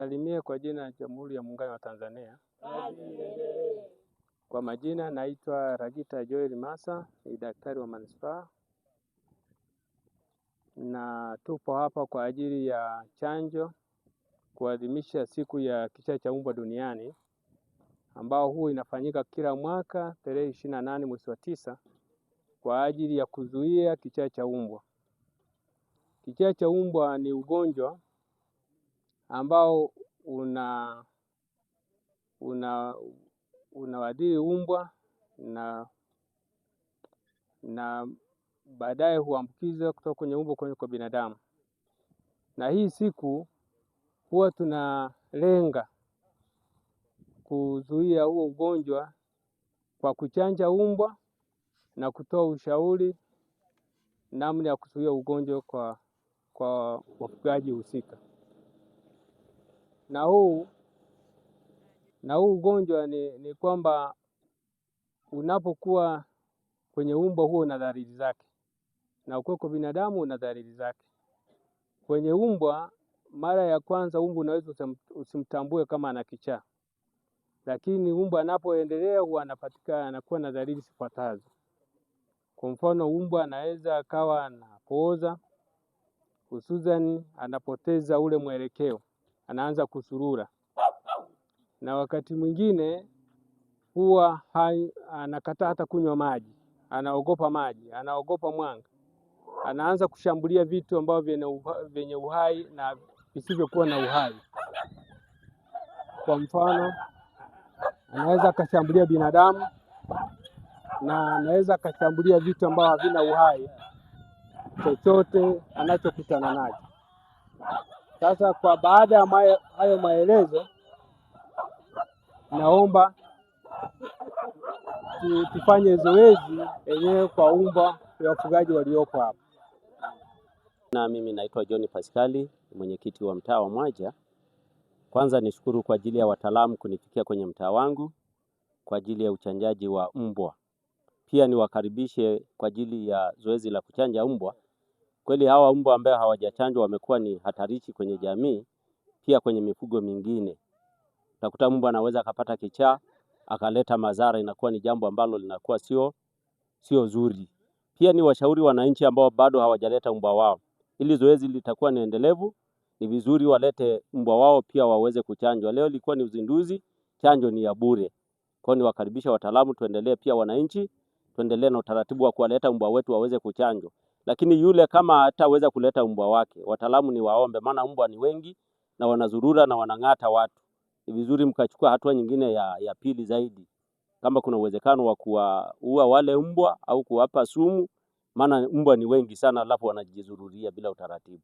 Salimia kwa jina la Jamhuri ya Muungano wa Tanzania. Kwa majina naitwa Ragita Joel masa ni daktari wa manispaa na tupo hapa kwa ajili ya chanjo kuadhimisha siku ya kichaa cha mbwa duniani ambao huu inafanyika kila mwaka tarehe ishirini na nane mwezi wa tisa kwa ajili ya kuzuia kichaa cha mbwa. Kichaa cha mbwa ni ugonjwa ambao una una unawadhiri umbwa na na baadaye huambukiza kutoka kwenye umbwa kwenye kwa binadamu. Na hii siku huwa tunalenga kuzuia huo ugonjwa kwa kuchanja umbwa na kutoa ushauri namna ya kuzuia ugonjwa kwa kwa wafugaji husika na huu na huu ugonjwa ni, ni kwamba unapokuwa kwenye umbo huo una dhariri zake, na ukoko binadamu una dhariri zake. Kwenye umbwa, mara ya kwanza umbwa unaweza usimtambue kama ana kichaa, lakini umbwa anapoendelea huwa anapatikana anakuwa na dalili zifuatazo. Kwa mfano, umbwa anaweza akawa anapooza, hususan anapoteza ule mwelekeo anaanza kusurura, na wakati mwingine huwa hai, anakataa hata kunywa maji, anaogopa maji, anaogopa mwanga, anaanza kushambulia vitu ambavyo vyenye uhai na visivyokuwa na uhai. Kwa mfano, anaweza akashambulia binadamu na anaweza akashambulia vitu ambavyo havina uhai chochote anachokutana nacho. Sasa kwa baada ya hayo maelezo, naomba tufanye zoezi yenyewe kwa umba ya wafugaji walioko hapa. Na mimi naitwa John Paskali, mwenyekiti wa mtaa wa Mwaja. Kwanza nishukuru kwa ajili ya wataalamu kunifikia kwenye mtaa wangu kwa ajili ya uchanjaji wa mbwa. Pia niwakaribishe kwa ajili ya zoezi la kuchanja mbwa Kweli hawa mbwa ambao hawajachanjwa wamekuwa ni hatarishi kwenye jamii, pia kwenye mifugo mingine. Utakuta mbwa anaweza akapata kichaa akaleta madhara, inakuwa ni jambo ambalo linakuwa sio sio zuri. Pia ni washauri wananchi ambao bado hawajaleta mbwa wao, ili zoezi litakuwa ni endelevu, ni vizuri walete mbwa wao pia waweze kuchanjwa. Leo ilikuwa ni uzinduzi, chanjo ni ya bure. Kwa hiyo niwakaribisha wataalamu, tuendelee pia wananchi, tuendelee na utaratibu wa kuwaleta mbwa wetu waweze kuchanjwa lakini yule kama hataweza kuleta mbwa wake, wataalamu ni waombe, maana mbwa ni wengi na wanazurura na wanang'ata watu. Ni vizuri mkachukua hatua nyingine ya, ya pili zaidi, kama kuna uwezekano wa kuwaua wale mbwa au kuwapa sumu, maana mbwa ni wengi sana, alafu wanajizururia bila utaratibu.